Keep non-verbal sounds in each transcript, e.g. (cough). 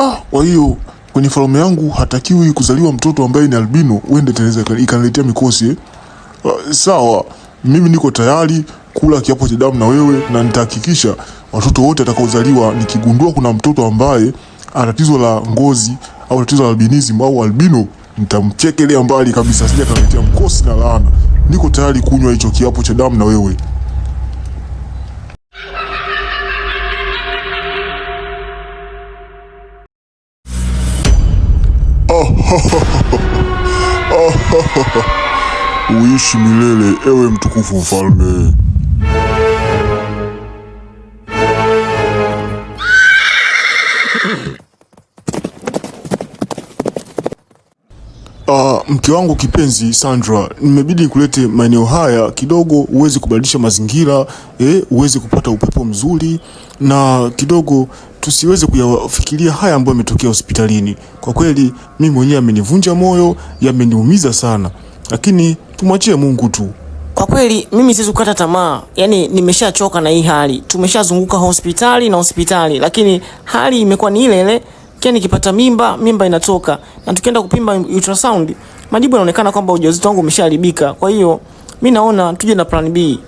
Ah, kwa hiyo kwenye falme yangu hatakiwi kuzaliwa mtoto ambaye ni albino, uende teneza ikaniletea mikosi eh? Uh, sawa, mimi niko tayari kula kiapo cha damu na wewe, na nitahakikisha watoto wote atakaozaliwa, nikigundua kuna mtoto ambaye ana tatizo la ngozi au tatizo la albinism au albino, nitamchekelea mbali kabisa, sija kaniletea mkosi na laana. Niko tayari kunywa hicho kiapo cha damu na wewe. (laughs) Uishi milele ewe mtukufu mfalme. Uh, mke wangu kipenzi Sandra, nimebidi nikulete maeneo haya kidogo uweze kubadilisha mazingira eh, uweze kupata upepo mzuri na kidogo tusiweze kuyafikiria haya ambayo yametokea hospitalini. Kwa kweli mimi mwenyewe amenivunja moyo, yameniumiza sana, lakini tumwachie Mungu tu. Kwa kweli mimi siwezi kukata tamaa, yaani nimeshachoka na hii hali. Tumeshazunguka hospitali na hospitali, lakini hali imekuwa ni ile ile. Kia nikipata mimba, mimba inatoka, na tukienda kupima ultrasound, majibu yanaonekana kwamba ujauzito wangu umeshaharibika. Kwa hiyo mimi naona tuje na plan B.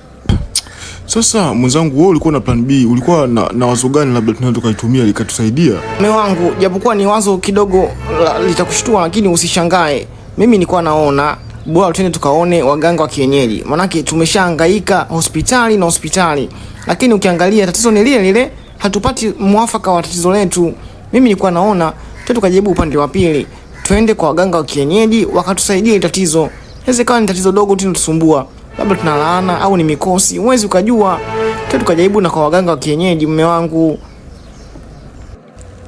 Sasa mwenzangu, wewe ulikuwa na plan B, ulikuwa na, na wazo gani labda tunaweza tukaitumia likatusaidia? Mume wangu, japokuwa ni wazo kidogo litakushtua, lakini usishangae, mimi nilikuwa naona bora tuende tukaone waganga wa kienyeji, maanake tumeshahangaika hospitali na hospitali, lakini ukiangalia tatizo ni lile lile, hatupati mwafaka wa tatizo letu. Mimi nilikuwa naona tuende tukajaribu upande wa pili, tuende kwa waganga wa kienyeji wakatusaidie tatizo. Inawezekana ni tatizo dogo tu linatusumbua labda tunalaana au ni mikosi, huwezi ukajua. Tena tukajaribu na kwa waganga wa kienyeji, mume wangu.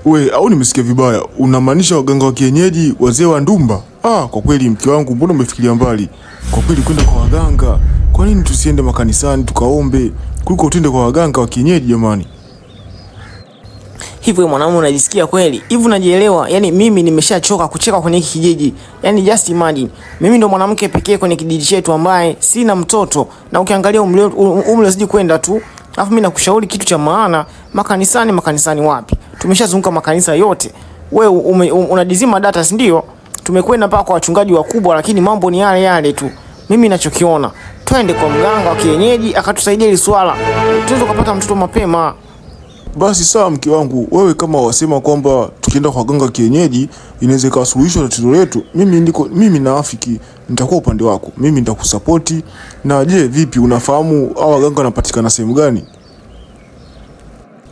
We, au nimesikia vibaya? Unamaanisha waganga wa kienyeji, wazee wa ndumba? Ah, kwa kweli mke wangu, mbona umefikiria mbali kwa kweli. Kwenda kwa waganga, kwa nini tusiende makanisani tukaombe kuliko tuende kwa waganga wa kienyeji jamani? Hivi mwanamume unajisikia kweli? Hivi unajielewa? Yaani mimi nimeshachoka kucheka kwenye hiki kijiji. Yaani just imagine. Mimi ndo mwanamke pekee kwenye kijiji chetu ambaye sina mtoto na ukiangalia umri um, umri usije kwenda tu. Alafu mimi nakushauri kitu cha maana, makanisani makanisani wapi? Tumeshazunguka makanisa yote. Wewe unadizima data si ndio? Tumekwenda mpaka kwa wachungaji wakubwa lakini mambo ni yale yale tu. Mimi ninachokiona, twende kwa mganga wa kienyeji akatusaidia hili swala. Tuweze kupata mtoto mapema. Basi sawa, mke wangu, wewe kama wasema kwamba tukienda kwa ganga kienyeji inaweza ikawa tatizo letu, mimi ndiko mimi naafiki, nitakuwa upande wako, mimi nitakusapoti. Na je, vipi, unafahamu hawa waganga wanapatikana sehemu gani?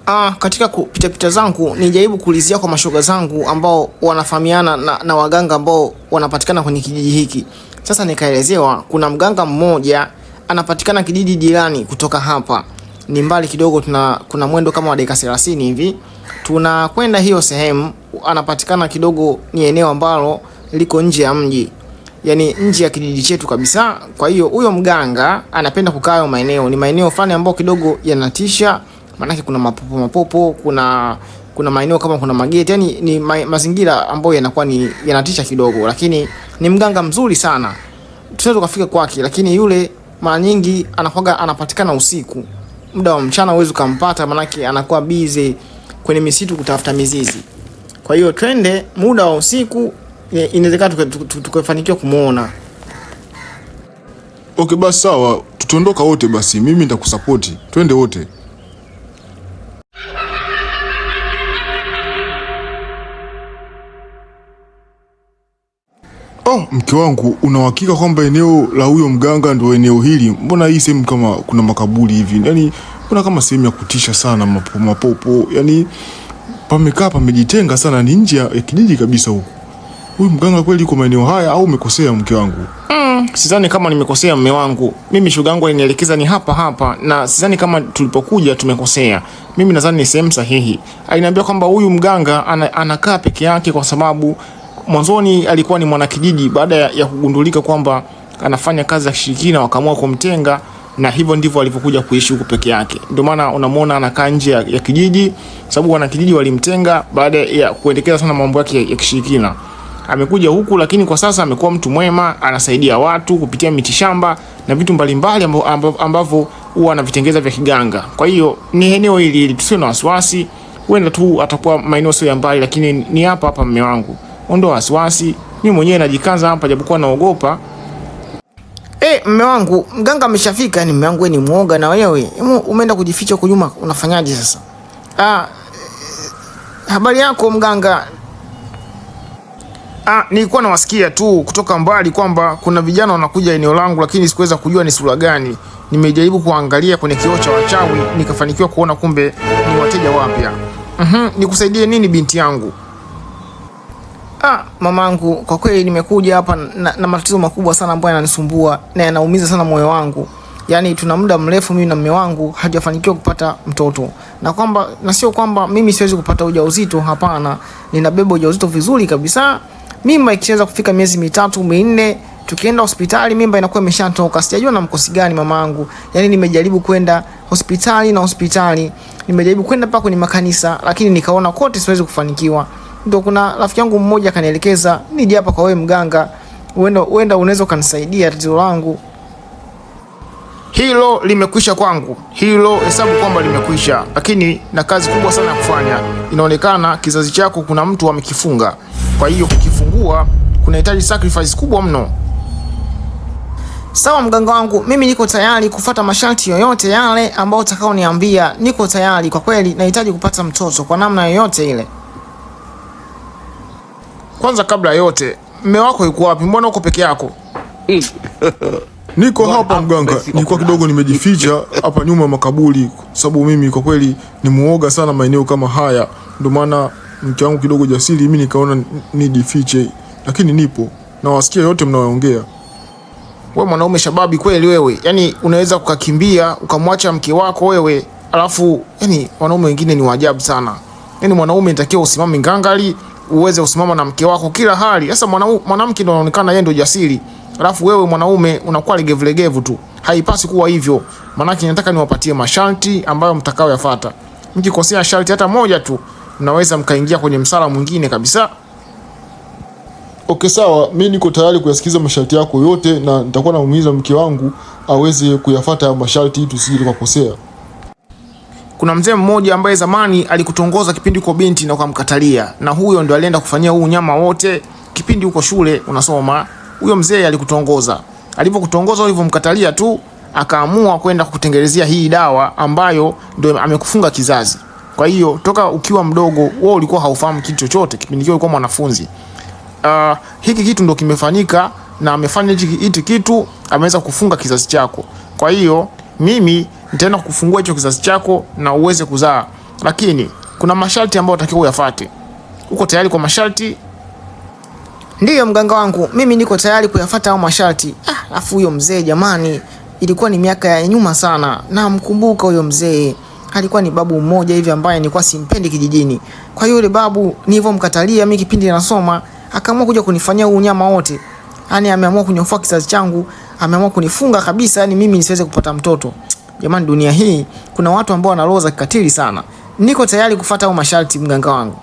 Ah, katika kupitapita zangu nijaribu kuulizia kwa mashoga zangu ambao wanafahamiana na, na waganga ambao wanapatikana kwenye kijiji hiki. Sasa nikaelezewa kuna mganga mmoja anapatikana kijiji jirani kutoka hapa ni mbali kidogo, tuna kuna mwendo kama wa dakika 30 hivi tunakwenda hiyo sehemu. Anapatikana kidogo, ni eneo ambalo liko nje ya mji, yani nje ya kijiji chetu kabisa. Kwa hiyo huyo mganga anapenda kukaa hayo maeneo, ni maeneo fulani ambayo kidogo yanatisha, maanake kuna mapopo mapopo, kuna kuna maeneo kama kuna mageti, yani ni ma, mazingira ambayo yanakuwa ni yanatisha kidogo, lakini ni mganga mzuri sana, tunaweza tukafika kwake, lakini yule mara nyingi anakuwa anapatikana usiku muda wa mchana huwezi ukampata, manake anakuwa busy kwenye misitu kutafuta mizizi. Kwa hiyo twende muda wa usiku, eh, inawezekana tukafanikiwa kumwona. Okay, basi sawa, tutaondoka wote basi, mimi nitakusapoti, twende wote. Oh, mke wangu, una kwamba eneo la huyo mganga ndio eneo hili? Mbona hii sehemu kama kuna makaburi hivi? Yaani mbona kama sehemu ya kutisha sana, mapopo mapopo, yaani pamekaa pamejitenga sana, ni nje ya kijiji kabisa huko. Huyu mganga kweli yuko maeneo haya au umekosea mke wangu? Mm, sidhani kama nimekosea mme wangu. Mimi shoga yangu alinielekeza ni hapa hapa na sidhani kama tulipokuja tumekosea. Mimi nadhani ni sehemu sahihi. Aliniambia kwamba huyu mganga anakaa peke yake kwa sababu mwanzoni alikuwa ni mwanakijiji, baada ya kugundulika kwamba anafanya kazi ya kishirikina wakaamua kumtenga, na hivyo ndivyo alivyokuja kuishi huku peke yake. Ndio maana unamwona anakaa nje ya, ya kijiji, sababu wanakijiji walimtenga baada ya kuendekeza sana mambo yake ya kishirikina. Amekuja huku lakini kwa sasa amekuwa mtu mwema, anasaidia watu kupitia shamba na vitu mbalimbali ambavyo huwa anavitengeza vya kiganga. Kwa hiyo ni eneo hili hili, tusiwe na wasiwasi, huenda tu atakuwa maeneo sio ya mbali, lakini ni hapa hapa mme wangu ondoa wasiwasi, mimi mwenyewe najikaza hapa, japokuwa naogopa. Eh, mme wangu mganga ameshafika. Yani mme wangu ni muoga, na wewe umeenda kujificha huko nyuma, unafanyaje sasa? Ah, eh, habari yako mganga? Ah, nilikuwa nawasikia tu kutoka mbali kwamba kuna vijana wanakuja eneo langu, lakini sikuweza kujua ni sura gani. Nimejaribu kuangalia kwenye kioo cha wachawi nikafanikiwa kuona kumbe ni wateja wapya. Mhm, nikusaidie nini binti yangu? Ah, mamangu, kwa kweli nimekuja hapa na, na matatizo makubwa sana ambayo yananisumbua na yanaumiza sana moyo wangu. Yaani tuna muda mrefu mimi na mume wangu hajafanikiwa kupata mtoto. Na kwamba na sio kwamba mimi siwezi kupata ujauzito, hapana. Ninabeba ujauzito vizuri kabisa. Mimba ikiweza kufika miezi mitatu minne, tukienda hospitali mimba inakuwa imeshatoka. Sijajua na mkosi gani mamangu. Yaani nimejaribu kwenda hospitali na hospitali. Nimejaribu kwenda mpaka kwenye makanisa lakini nikaona kote siwezi kufanikiwa ndo kuna rafiki yangu mmoja kanielekeza nije hapa kwa wewe mganga, uenda uenda unaweza ukanisaidia tatizo langu. Hilo limekwisha kwangu, hilo hesabu kwamba limekwisha, lakini na kazi kubwa sana ya kufanya. Inaonekana kizazi chako kuna mtu amekifunga, kwa hiyo kukifungua kunahitaji sacrifice kubwa mno. Sawa mganga wangu, mimi niko tayari kufata masharti yoyote yale ambayo utakao niambia. Niko tayari kwa kweli, nahitaji kupata mtoto kwa namna yoyote ile. Kwanza kabla yote, mme wako yuko wapi? Mbona uko peke yako? Eh. (laughs) Niko hapa mganga, nilikuwa kidogo nimejificha (laughs) hapa nyuma ya makaburi, sababu mimi kwa kweli ni muoga sana maeneo kama haya, ndio maana mke wangu kidogo jasiri, mimi nikaona nijifiche, lakini nipo na wasikia yote mnayoongea. We mwanaume shababi kweli wewe, yani unaweza kukakimbia ukamwacha mke wako wewe, alafu yani wanaume wengine ni waajabu sana. Yani mwanaume nitakiwa usimame ngangali uweze kusimama na mke wako kila hali. Sasa mwanamke ndo anaonekana yeye ndo jasiri, alafu wewe mwanaume unakuwa legevulegevu tu. Haipasi kuwa hivyo, maanake nataka niwapatie masharti ambayo yafata. Mkikosea sharti hata moja tu, mnaweza mkaingia kwenye msala mwingine kabisa. Okay, sawa, mi niko tayari kuyasikiza masharti yako yote, na nitakuwa namuumiza mke wangu aweze kuyafuata masharti, tusije tukakosea kuna mzee mmoja ambaye zamani alikutongoza kipindi uko binti na ukamkatalia, na huyo ndio alienda kufanyia huu unyama wote kipindi uko shule unasoma. Huyo mzee alikutongoza, alivyokutongoza ulivyomkatalia tu akaamua kwenda kukutengenezea hii dawa ambayo ndio amekufunga kizazi. Kwa hiyo toka ukiwa mdogo wewe ulikuwa haufahamu kitu chochote, kipindi hicho ulikuwa mwanafunzi. Uh, hiki kitu ndio kimefanyika na amefanya hiki kitu, ameweza kufunga kizazi chako. Kwa hiyo mimi nitaenda kufungua hicho kizazi chako na uweze kuzaa, lakini kuna masharti ambayo unatakiwa uyafate. Uko tayari kwa masharti? Ndiyo mganga wangu, mimi niko tayari kuyafata hao masharti. Ah, afu huyo mzee jamani, ilikuwa ni miaka ya nyuma sana, na mkumbuka huyo mzee alikuwa ni babu mmoja hivi ambaye nilikuwa simpendi kijijini. Kwa hiyo yule babu nilivyomkatalia mimi kipindi nasoma, akaamua kuja kunifanyia huu unyama wote, yaani ameamua kunyofua kizazi changu, ameamua kunifunga kabisa, yani mimi nisiweze kupata mtoto. Jamani, dunia hii kuna watu ambao wana roho za kikatili sana. Niko tayari kufuata au masharti, mganga wangu.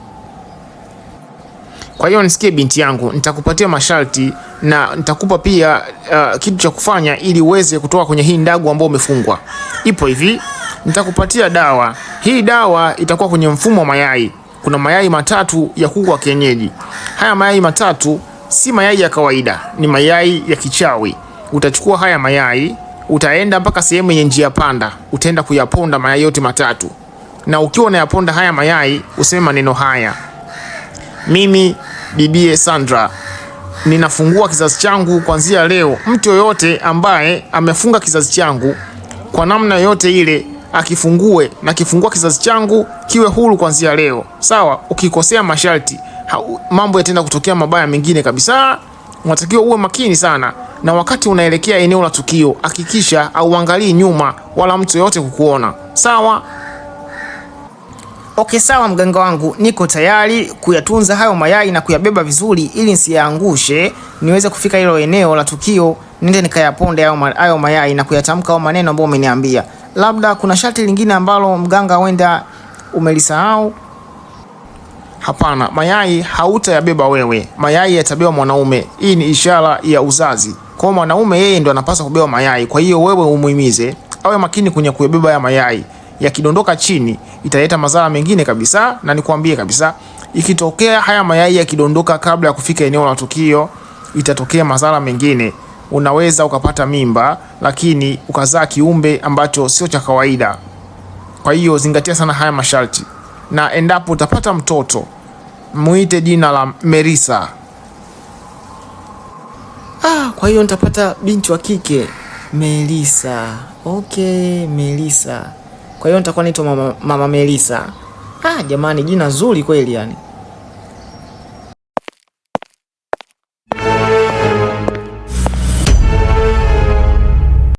Kwa hiyo nisikie, binti yangu, nitakupatia masharti na nitakupa pia uh, kitu cha kufanya ili uweze kutoka kwenye hii ndagu ambayo umefungwa. Ipo hivi, nitakupatia dawa. Hii dawa itakuwa kwenye mfumo wa mayai. Kuna mayai matatu ya kuku wa kienyeji. Haya mayai matatu si mayai ya kawaida, ni mayai ya kichawi utachukua haya mayai, utaenda mpaka sehemu yenye njia panda, utaenda kuyaponda mayai yote matatu, na ukiwa unayaponda haya mayai useme maneno haya: mimi bibie Sandra ninafungua kizazi changu kuanzia leo. Mtu yoyote ambaye amefunga kizazi changu kwa namna yoyote ile akifungue, na kifungua kizazi changu kiwe huru kuanzia leo. Sawa, ukikosea masharti mambo yataenda kutokea mabaya mengine kabisa. Unatakiwa uwe makini sana na wakati unaelekea eneo la tukio hakikisha auangalii nyuma wala mtu yoyote kukuona. Sawa? Okay, sawa mganga wangu, niko tayari kuyatunza hayo mayai na kuyabeba vizuri ili nisiyaangushe, niweze kufika hilo eneo la tukio, nende nikayaponde hayo mayai na kuyatamka hayo maneno ambayo umeniambia. Labda kuna sharti lingine ambalo mganga, wenda umelisahau? Hapana, mayai hautayabeba wewe, mayai yatabeba mwanaume. Hii ni ishara ya uzazi, kwa mwanaume yeye ndo anapaswa kubeba mayai. Kwa hiyo wewe umuhimize awe makini kwenye kuyabeba ya mayai, yakidondoka chini italeta madhara mengine kabisa. Na nikwambie kabisa, ikitokea haya mayai yakidondoka kabla ya kufika eneo la tukio, itatokea madhara mengine. Unaweza ukapata mimba, lakini ukazaa kiumbe ambacho sio cha kawaida. Kwa hiyo zingatia sana haya masharti na endapo utapata mtoto muite jina la Merisa. Ah, kwa hiyo nitapata binti wa kike Melisa. Okay, Melisa. Kwa hiyo nitakuwa naitwa mama, mama Melisa. Ah, jamani jina zuri kweli yani.